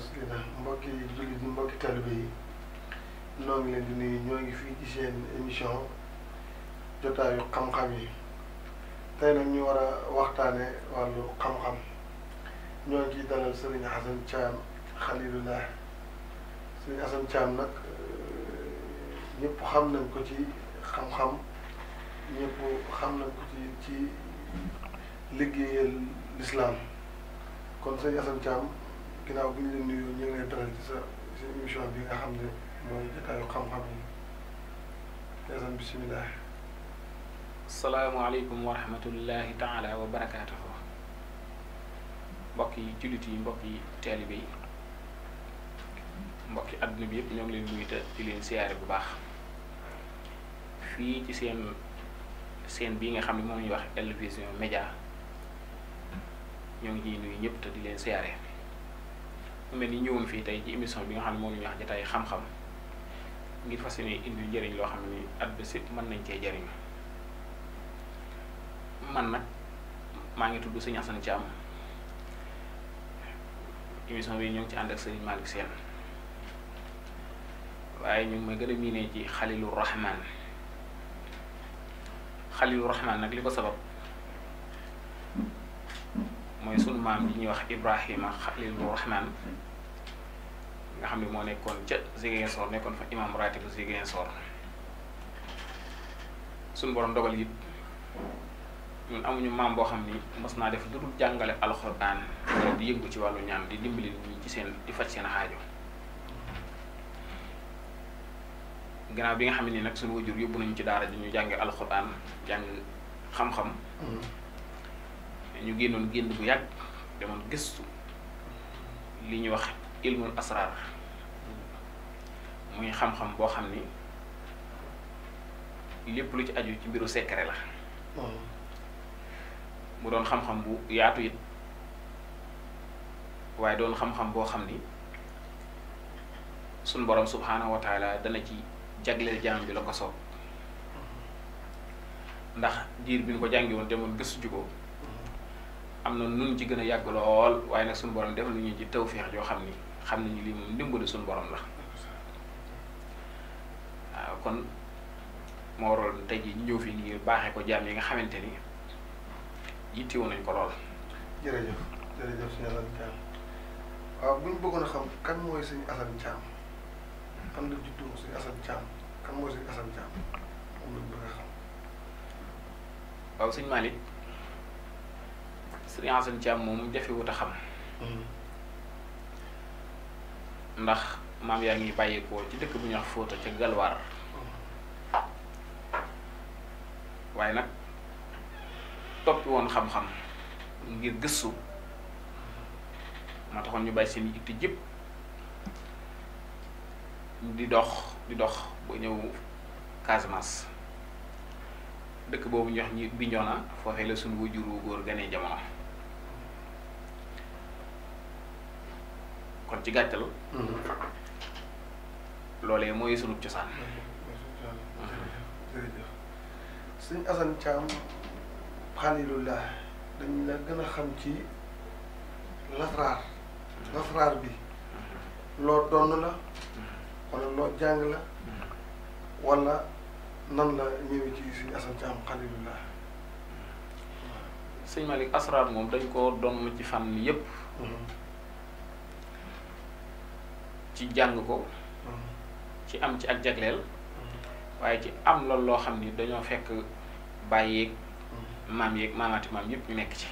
muslimina mbokki jullit yi mbokki talibe yi ñoo ngi leen di ñoo ngi fii ci émission jotaayu xam-xam yi tey nag ñu war a waxtaane wàllu xam-xam ñoo ngi ciy dalal Serigne Assane Thiam Khalilullah Serigne Assane Thiam nag euh, ñëpp xam nañ ko ci xam-xam ñëpp xam nañ ko ci ci liggéeyal lislaam kon Serigne Assane Thiam ginnaaw bi ñu leen nuyoo ñu ngi lay dalal ci sa ci émission bi nga xam ne mooy jotaayu xam-xam yi yasan bisimilah salaamaaleykum wa rahmatullahi taala wa barakaatuhu mbokk yi jullit yi mbokk yi taalibe yi mbokk yi àdduna bi yëpp ñoo ngi leen nuyu te di leen siyaare bu baax fii ci seen seen bii nga xam ne moom ñuy wax El Vision Média ñoo ngi ciy nuyu ñëpp te di leen siyaare mu mel ni ñëwoon fii tey ci émission bi nga xam ne moom ñu wax jotaay xam-xam ngir fas yéene indi njëriñ loo xam ne at bi si mën nañ cee jëriñ man nag maa ngi tudd sëñ Assane Thiam émission bi ñu ngi ci ànd ak sëñ Malick Sène waaye ñu ngi may gën a miinee ci xalilu rahman xalilu rahman nag li ko sabab mam bi ñuy wax Ibrahima khalil Rahman nga xamni mo nekkon ci ca Ziguinchor nekkoon fa imam ratib Ziguinchor sun borom dogal it ñun amuñu maam boo xam mas def lu dul jàngale di yëngu ci walu ñaan di dimbali ñi ci seen di fat seen xaajo gannaaw bi nga xamni nak sun suñu wajur yóbbu nañu ci daara di ñu jànge alquran jàng xam-xam mm-hmm. ñu gënoon gënd bu yàgg demoon gëstu li ñuy wax ilmul asrar muy xam-xam boo xam ni lépp lu ci aju ci mbiru secret la hmm. mu doon xam-xam bu yaatu it waaye doon xam-xam boo xam ni borom subhaanahu wa taala dana ci jagleel jaam bi la ko soob hmm. ndax diir bi ñu ko jàngi woon demoon gëstu am na nun ci gën a yàgg lool waaye nag suñu borom def lu ñu ci tawféex yoo xam ni xam nañu lii moom ndimbalu suñu borom la waaw kon moo tey jii ñu ñëw fii nii ko jaam yi nga xamante ni yittewu nañ ko lool. jërëjëf jërëjëf sëñ bëggoon xam kan mooy sëñ Alane Thiam kan la juddu sëñ Alane Thiam kan Serigne Assane Thiam moom jafewut a xam hmm. ndax maam yaa ngi bàyyeekoo ci dëkk bu ñuy wax Fouta ca Galwaar hmm. waaye nag toppi woon xam-xam ngir gëstu ma taxoon ñu bàyyi seen yitte jëpp di dox di dox ba ñëw Casamance dëkk boobu ñuy wax ñi Bignona foofee la suñu wajuru góor ganee jamono kon ci gàttal. Mm-hmm. loolee mooy sunu cosaan. Mm-hmm. jërëjëf sëñ Assane Thiam xalilullah dañ la gën a xam ci lasraar mm-hmm. lasraar bi loo donn la walla loo jàng la wala nan la ñëwee ci sëñ Assane Thiam xalilullah sëñ Malick asraar moom dañ ko doon ci fànn yépp ci jàng ko ci am ci ak jagleel waaye ci am la loo xam ni dañoo fekk bàyyi yeeg maam yeeg maamaati maam yëpp ñu nekk ci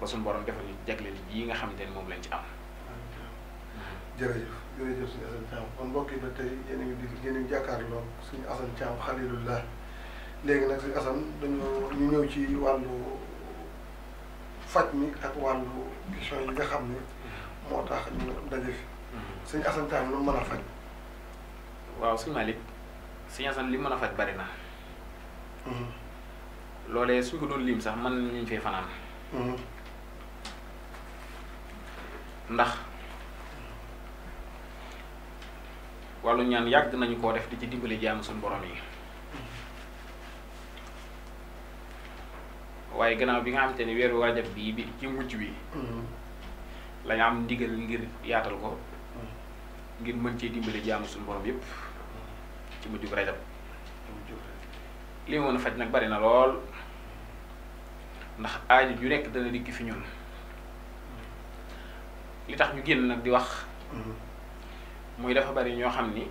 ba suñu borom defal ñu jagleel yi nga xamante ni moom lañ ci am jërëjëf jërëjëf suñu Assane Thiam kon mbokk yi ba tey yéen a ngi di yéen a ngi jàkkaarloo suñu Assane Thiam xalilullah léegi nag suñu Assane dañoo ñu ñëw ci wàllu faj mi ak wàllu question yi nga xam ni moo tax ñu daje fi sëñ Assane Thiam lu mën a faj waaw sëñ Malick sëñ Assane li mën a bari na mhm. loolee suñ ko doon lim sax man ñu fee fanaan mhm. ndax wàllu ñaan yàgg nañu koo def di ci dimbali jaamu suñu borom yi mhm. waaye gannaaw bi nga xamante ni weeru waajab bi ci mujj bi la am ndigal ngir yaatal ko ngir mën ci dimbali jaamu sun borom yépp ci mujjug rajab li mu faj bari na lool ndax aaju ju nekk dana dikk fi ñun li tax ñu génn nag di wax muy dafa bari ñoo xam ni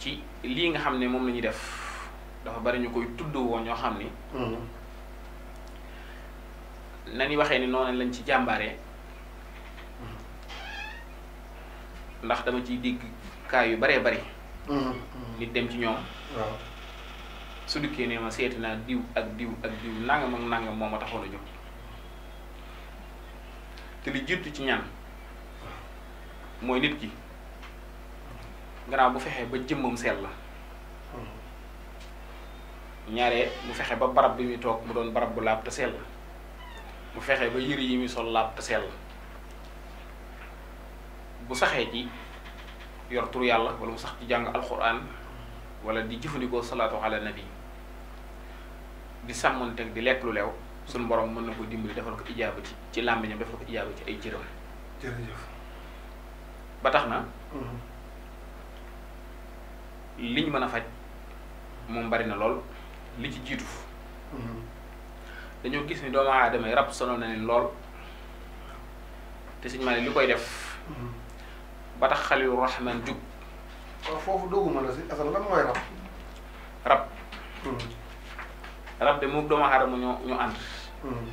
ci li nga xam ne moom la ñuy def dafa bari ñu koy tudd woon ñoo xam ni nani waxee ni noonu lañ ci jàmbaaree ndax dama ci dig ka yu bare bari mm-hmm. nit dem ci ñoom su dikkee ne ma seeti naa diw ak diw ak diw nangam ak nangam moma taxolu taxoon te li jittu ci ñaan moy nit ki bu fexé ba jëmum sel la mm-hmm. ñaare bu fexé ba barab bi mi tok mu doon barab bu lap te sel la mu fexé ba yiri yi mi sol lap sel bu saxee ci yor tur yalla wala mu sax ci jang alquran wala di jëfëndiko salatu ala nabi di sàmmanteeg di lek lu lew sun borom mën na ko dimbali defal ko ijaba ci ci làmmiñam defal ko ijaba ci ay jërëm jërëjëf ba taxna mhm. liñ mëna faj bari na lol li ci jitu mhm dañu gis ni doomu aadama yi rab sonal na leen lool te sëñ Malick li koy def ba tax Xalilu Rahman jug. waaw foofu doguma la si asal lan mooy rab. rab. Hmm. rab de moom doomu aadama ñoo ñu ànd. Hmm.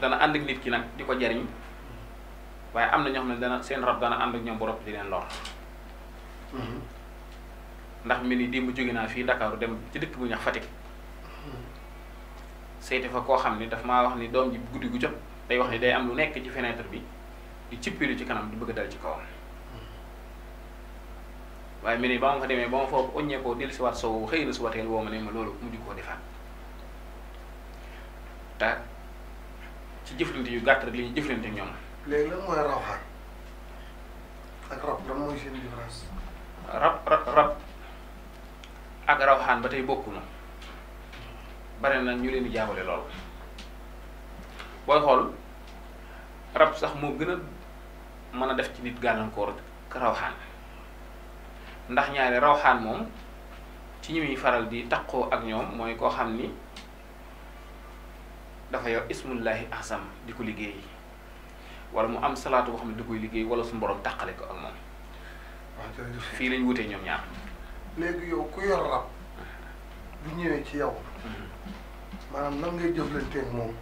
dana ànd nit ki nag di ko jariñ waaye am na ñoo xam ne dana seen rab dana ànd ak ñoom bu rab di leen lor. Hmm. ndax mi ni démb jóge naa fii Dakar dem ci dëkk bu ñax Fatick. seeti fa koo xam ni dafa maa wax ni doom ji guddi gu jot day wax ni day am lu nekk ci fenêtre bi di cippilu ci kanam di bëgg dal ci kawam waaye mu ne ba ma fa demee ba ma foofu oññeekoo dellu si waat sow xëy na su wateel woo ma ne ma loolu mujj koo defaat te ci jëflante yu gàtt rek li ñu jëflante ñoom. léegi lan mooy rawxaan ak rab lan mooy seen différence. rab rab rab ak rawxaan ba tey bokku na bare na ñu leen di jaamale lool booy xool rab sax moo gën a mën a def ci nit gàllankoor ka rawxaan ndax ñaari rawxaan moom ci ñi muy faral di taqoo ak ñoom mooy koo xam ni dafa yor ismullahi ahsam di ko liggéey wala mu am salaatu boo xam ne di koy liggéey wala su borom tàqale ko ak moom fii lañ wutee ñoom ñaar léegi yow ku yor rab bi ñëwee ci yow man nan ngay jëflanteeg moom.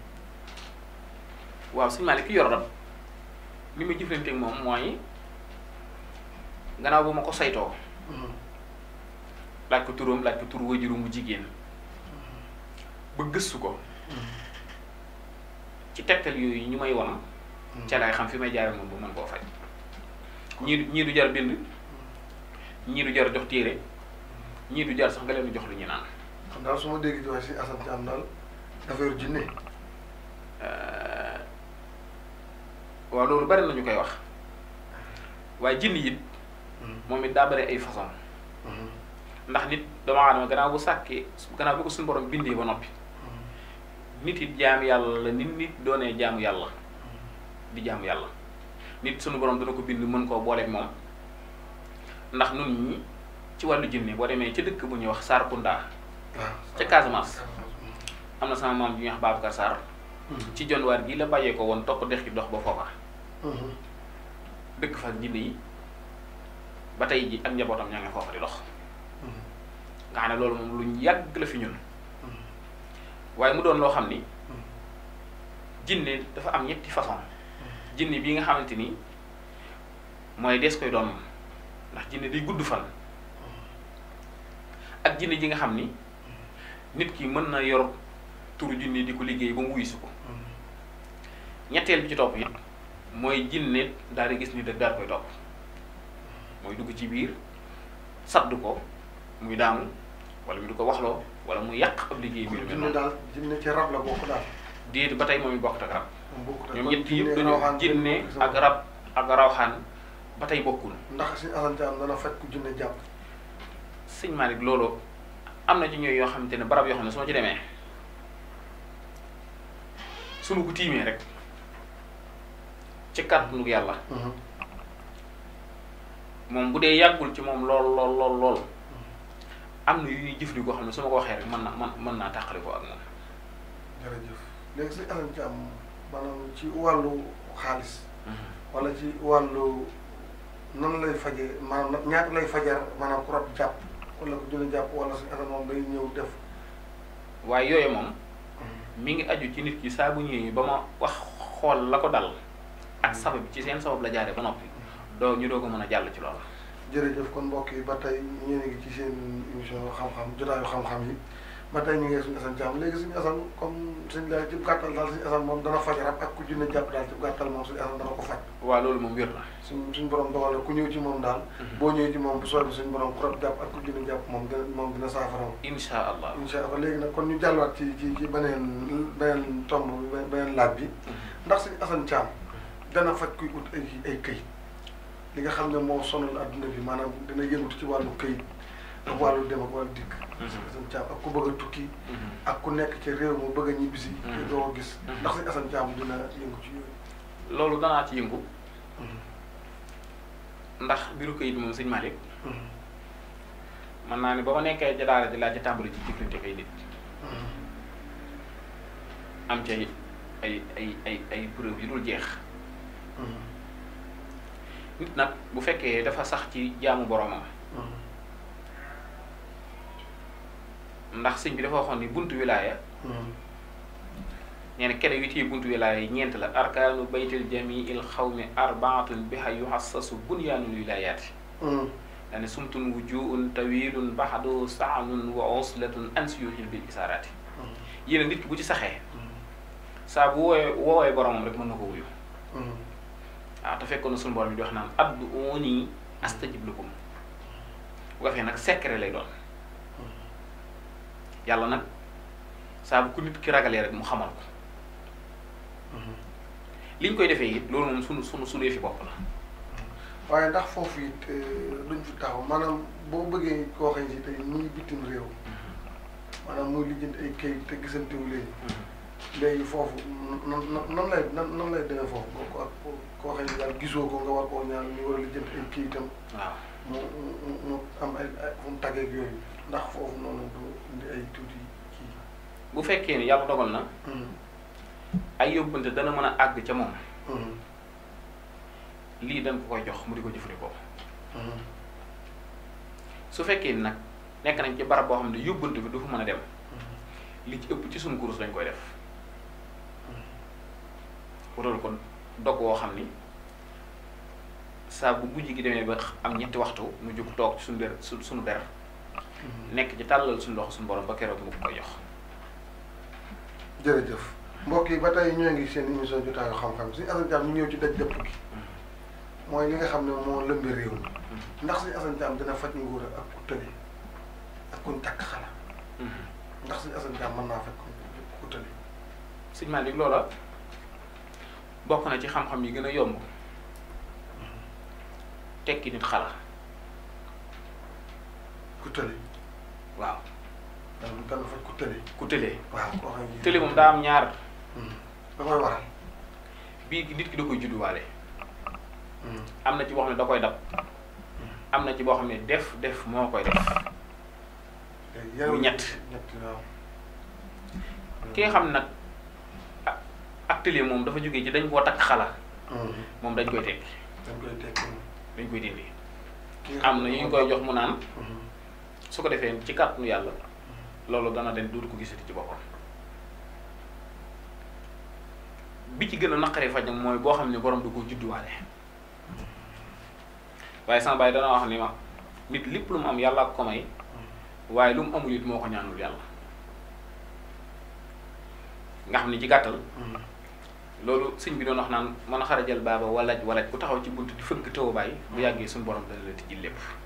waaw sëñ ki yor rab li muy jëflanteeg moom mooy gannaaw bu ma ko saytoo. laaj ko turam laaj ko tur wajurum bu jigéen ba gëstu ko. ci tegtal yooyu ñu may won ca laay xam fi may jaare moom ba mën koo faj. ñii ñii du jar bind. ñii du jar jox téere ñii du jar sax nga leen jox lu ñu naan. xam daal su ma dégg di wax si Assane Thiam daal affaire jinne euh, waaw loolu bari na koy wax waaye jinne it hmm. moom it daa bari ay façon hmm. ndax nit doomu aadama gannaaw bu sàkkee gannaaw bu ko suñu borom bindee ba noppi hmm. nit it jaamu yàlla la nit nit doonee jaamu yàlla di jaamu yàlla nit suñu borom dana ko bind mën koo booleeg moom ndax nun ñi ci wàllu jinne boo demee ci dëkk bu ñuy wax Sarkunda Ah. ca Casamance am na sama maam bi wax Babacar Sarr hmm. ci jonwaar gii la bàyyeeko ko woon topp dex gi dox ba foofa hmm. dëkk fa jinne yi ba tey ji ak njabootam ña nga foofa di dox hmm. nga xam ne loolu moom lu yàgg la fi ñun waaye mu doon loo xam ni jinne dafa am ñetti façon jinne bi nga xamante ni mooy des koy doon ndax jinne day gudd fan ak jinne ji nga xam ni nit ki mën na yor turu jinne di ko liggéey ba mu wuyu si ko ñetteel ci topp yi mooy jinne daal di gis nit ak daal koy topp mooy dugg ci biir sadd ko muy daanu wala mu di ko waxloo wala mu yàq ab liggéey bi lu mel noonu daal jinne ci rab la bokk daal déet ba tey moom bokkut ak rab ñoom ñett yëpp dañoo jinne ak rab ak rawxaan ba tey bokkul ndax si alantaan dana faj ku jinne jàpp sëñ am na ci ñooy yoo xamante ne barab yoo xam ne su ma ci demee sunu ko tiimee rek ci kàttanu yàlla. Mhm. moom bu dee yàggul ci moom lool lool am na yu ñuy jëfandikoo koo xam ne su ma ko waxee rek mën naa man mën naa tàqali ko ak moom. jërëjëf léegi si anam ci am maanaam ci wàllu xaalis. Mhm. walla ci wàllu nan lay fajee maanaam ñaata lay fajar maanaam ku rab jàpp. wala ku jëlee jàpp wala suñu affaire moom day ñëw def. waaye yooyu moom. mi ngi aju ci nit yi saabu ñuy ba ma wax xool la ko dal ak sabab ci seen sabab la jaaree ba noppi doo ñu doo ko mën a jàll ci loolu. jërëjëf kon mbokk yi ba tey ñeen ngi ci seen émission xam-xam jotaayu xam-xam yi. ba tey ñu ngi suñu asan caam léegi suñu asan comme suñ la ci gàttal daal suñu asan moom dana faj rab ak ku jinne jàpp daal ci gàttal moom suñu asan dana ko faj waaw moom wér na suñ suñ borom ku ñëw ci moom daal mhm. boo ñëwee ci moom bu soobee suñu borom ku rab jàpp ak ku moom dina moom dina saafara incha allah incha allah léegi nag kon ñu jàlluwaat ci ci ci beneen beneen tomb bi beneen laaj bi mhm. ndax suñu asan caam dana faj kuy ut ay këyit li nga xam ne moo sonal adduna bi maanaam dina yëngatu ci wàllu këyit ak wàllu dem ak Assane Thiam ak ku bëgg a tukki mhm. ak ku nekk ci réew mu bëgg a ñibbisi mhm. doo gis mhm. ndax sëñ Assane yëngu ci yooyu loolu danaa ci yëngu ndax biiru kayit moom sëñ naa ne ba ma nekkee ja daara di laaj ja tàmbali ci jëflante kay nit am ay ay jeex bu fekkee dafa sax ci jaamu boromam ndax sëñ bi dafa waxoon ni buntu wilaya ñene kene yu téye buntu wilaya ñent la arkanu baytil jamiil xawmi arbaatun biha yuhassasu bunyanul wilayat dane sumtun wujuun tawilun bahdu saanun wa uslatun ansiyuhil bil isarat yene nit ki bu ci saxé sa bu woy woowee boromam rek mën na ko wuyu ah ta fekkone sun borom bi di wax naan abdu oo astajib lakum bu ko nak secret lay doon yàlla nag saa bu ku nit ki ragalee rek mu xamal ko mhm. li ñu koy defee it loolu moom sunu sunu sunu yëfi bopp la. waaye ndax foofu it duñ euh, fi taxaw maanaam boo bëggee koo xam si tey bitim réew mhm. maanaam muy lijjanti ay kayit te gisantewu leen mhm. léegi foofu nan nan lay nan nan lay demee foofu boo ko ak koo xam ne gisoo ko nga war koo ñaan ñu war a lijjanti ay kayitam. waaw mu mu mu am ay ay fu mu tàggeeg yooyu. ndax foofu noonu du indi bu fekkee ni yàlla dogal na. Hmm. ay yóbbante dana mën a àgg ca moom. Hmm. lii dañ ko koy jox mu di ko jëfandikoo. Hmm. su fekkee ni nag nekk nañ ci barab boo xam ne yóbbante bi du fa mën a dem. li ci ëpp ci suñu kurus lañ koy def. wutal ko dog woo xam ni saa bu mujj gi demee ba am ñetti waxtu mu jóg toog ci suñu der suñu der. nekk ci tàllal suñu loxo suñu borom ba keroog mu ko koy jox. jërëjëf mbokk yi ba tey ñoo ngi seen émission jotaayu xam-xam suñu Assane Thiam ñu ñëw ci daj dëpp gi mooy li nga xam ne moo lëmbi réew ndax suñu Assane Thiam dina faj nguur ak ku tële ak ku takk xala ndax suñu Assane Thiam mën naa faj ku tële. sëñ Malick loola bokk na ci xam-xam yi gën a yomb tekki nit xala ku tële. waaw. daanaka dana faj ku tëlee. ku tëlee. waaw moom daa am ñaar. da hmm. koy nit ki da koy judduwaale. Hmm. am na ci boo xam ne da koy dab. Hmm. am na ci boo xam ne def def moo koy def. Eh, muy ñett ki nga xam nag ah, ak tëlee moom dafa jóge ci dañ koo takk xala. moom dañ koy tekki. dañ koy tekki. dañ koy dindi. am na yu ñu koy jox mu naan. su ko defee ci kàttanu yàlla loolu dana leen duut ko gisati ci boppam bi ci gën a naqaree faj nag mooy boo xam ne borom du ko judduwaale waaye sama baay dana wax ni ma nit lépp lu mu am yàlla ko may waaye lu mu amul it moo ko ñaanul yàlla nga xam ne ci gàttal loolu sëñ bi doon wax naan mën a xarajal baaba walaj walaj ku taxaw ci bunt di fëgg tëw bàyyi bu yàggee suñu borom dana la tijji lépp